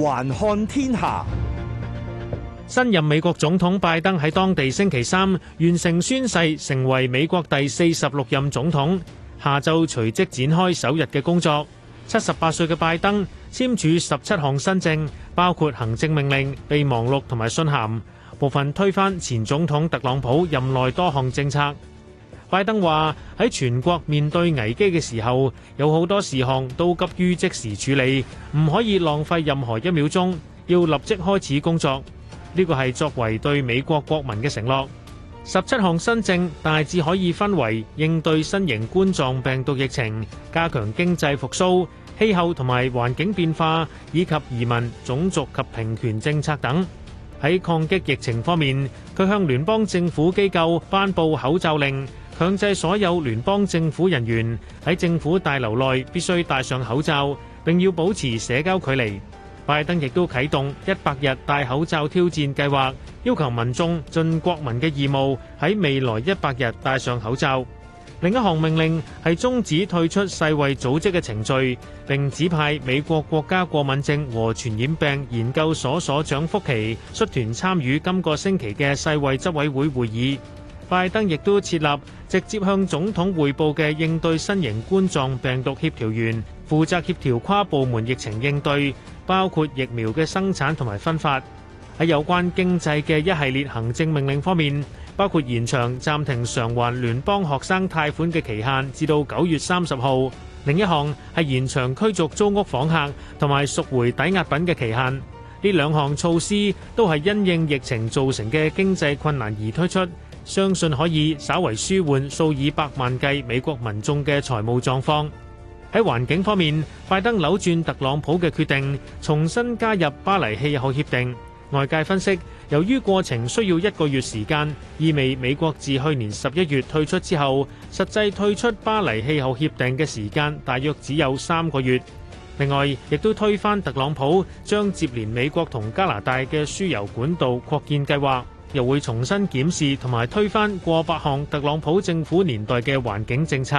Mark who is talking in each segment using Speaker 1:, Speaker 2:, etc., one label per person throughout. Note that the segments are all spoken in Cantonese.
Speaker 1: 環看天下，新任美國總統拜登喺當地星期三完成宣誓，成為美國第四十六任總統。下晝隨即展開首日嘅工作。七十八歲嘅拜登簽署十七項新政，包括行政命令、備忘錄同埋信函，部分推翻前總統特朗普任內多項政策。拜登話：喺全國面對危機嘅時候，有好多事項都急於即時處理，唔可以浪費任何一秒鐘，要立即開始工作。呢個係作為對美國國民嘅承諾。十七項新政大致可以分為應對新型冠狀病毒疫情、加強經濟復甦、氣候同埋環境變化，以及移民、種族及平權政策等。喺抗擊疫情方面，佢向聯邦政府機構頒布口罩令。強制所有聯邦政府人員喺政府大樓內必須戴上口罩，並要保持社交距離。拜登亦都啟動一百日戴口罩挑戰計劃，要求民眾盡國民嘅義務，喺未來一百日戴上口罩。另一項命令係中止退出世衛組織嘅程序，並指派美國國家過敏症和傳染病研究所所長福奇率團參與今個星期嘅世衛執委會會議。拜登亦都設立直接向總統匯報嘅應對新型冠狀病毒協調員，負責協調跨部門疫情應對，包括疫苗嘅生產同埋分發。喺有關經濟嘅一系列行政命令方面，包括延長暫停償還聯邦學生貸款嘅期限至到九月三十號，另一項係延長驅逐租，租屋房客同埋贖回抵押品嘅期限。呢兩項措施都係因應疫情造成嘅經濟困難而推出。相信可以稍為舒緩數以百萬計美國民眾嘅財務狀況。喺環境方面，拜登扭轉特朗普嘅決定，重新加入巴黎氣候協定。外界分析，由於過程需要一個月時間，意味美國自去年十一月退出之後，實際退出巴黎氣候協定嘅時間大約只有三個月。另外，亦都推翻特朗普將接連美國同加拿大嘅輸油管道擴建計劃。又會重新檢視同埋推翻過百項特朗普政府年代嘅環境政策。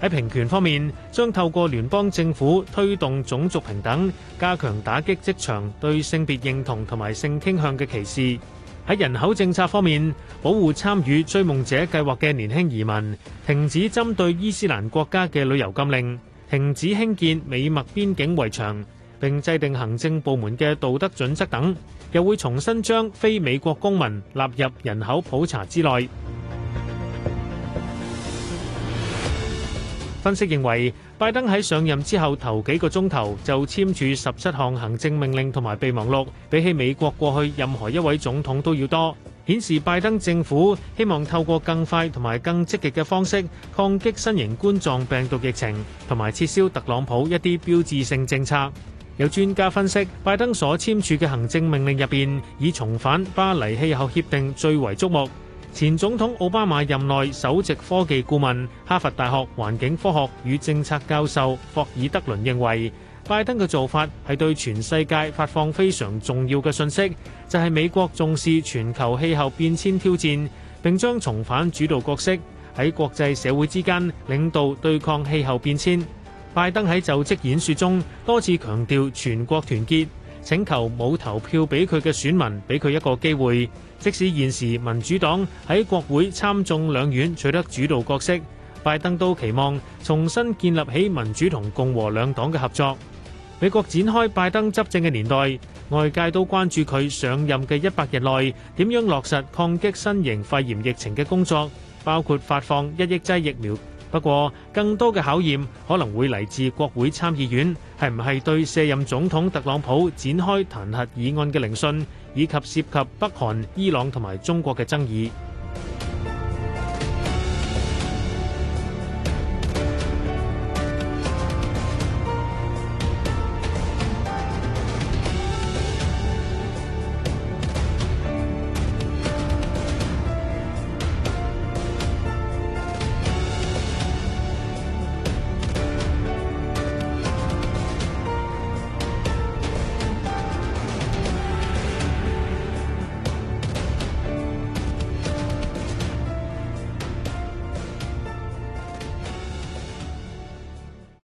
Speaker 1: 喺平權方面，將透過聯邦政府推動種族平等，加強打擊職場對性別認同同埋性傾向嘅歧視。喺人口政策方面，保護參與追夢者計劃嘅年輕移民，停止針對伊斯蘭國家嘅旅遊禁令，停止興建美墨邊境圍牆。並制定行政部門嘅道德準則等，又會重新將非美國公民納入人口普查之內。分析認為，拜登喺上任之後頭幾個鐘頭就簽署十七項行政命令同埋備忘錄，比起美國過去任何一位總統都要多，顯示拜登政府希望透過更快同埋更積極嘅方式抗擊新型冠狀病毒疫情，同埋撤銷特朗普一啲標誌性政策。有專家分析，拜登所簽署嘅行政命令入邊，以重返巴黎氣候協定最為矚目。前總統奧巴馬任內首席科技顧問、哈佛大學環境科學與政策教授霍爾德倫認為，拜登嘅做法係對全世界發放非常重要嘅訊息，就係美國重視全球氣候變遷挑戰，並將重返主導角色喺國際社會之間領導對抗氣候變遷。拜登喺就職演說中多次強調全國團結，請求冇投票俾佢嘅選民，俾佢一個機會。即使現時民主黨喺國會參眾兩院取得主導角色，拜登都期望重新建立起民主同共和兩黨嘅合作。美國展開拜登執政嘅年代，外界都關注佢上任嘅一百日內點樣落實抗擊新型肺炎疫情嘅工作，包括發放一億劑疫苗。不過，更多嘅考驗可能會嚟自國會參議院，係唔係對卸任總統特朗普展開彈劾議案嘅聆訊，以及涉及北韓、伊朗同埋中國嘅爭議。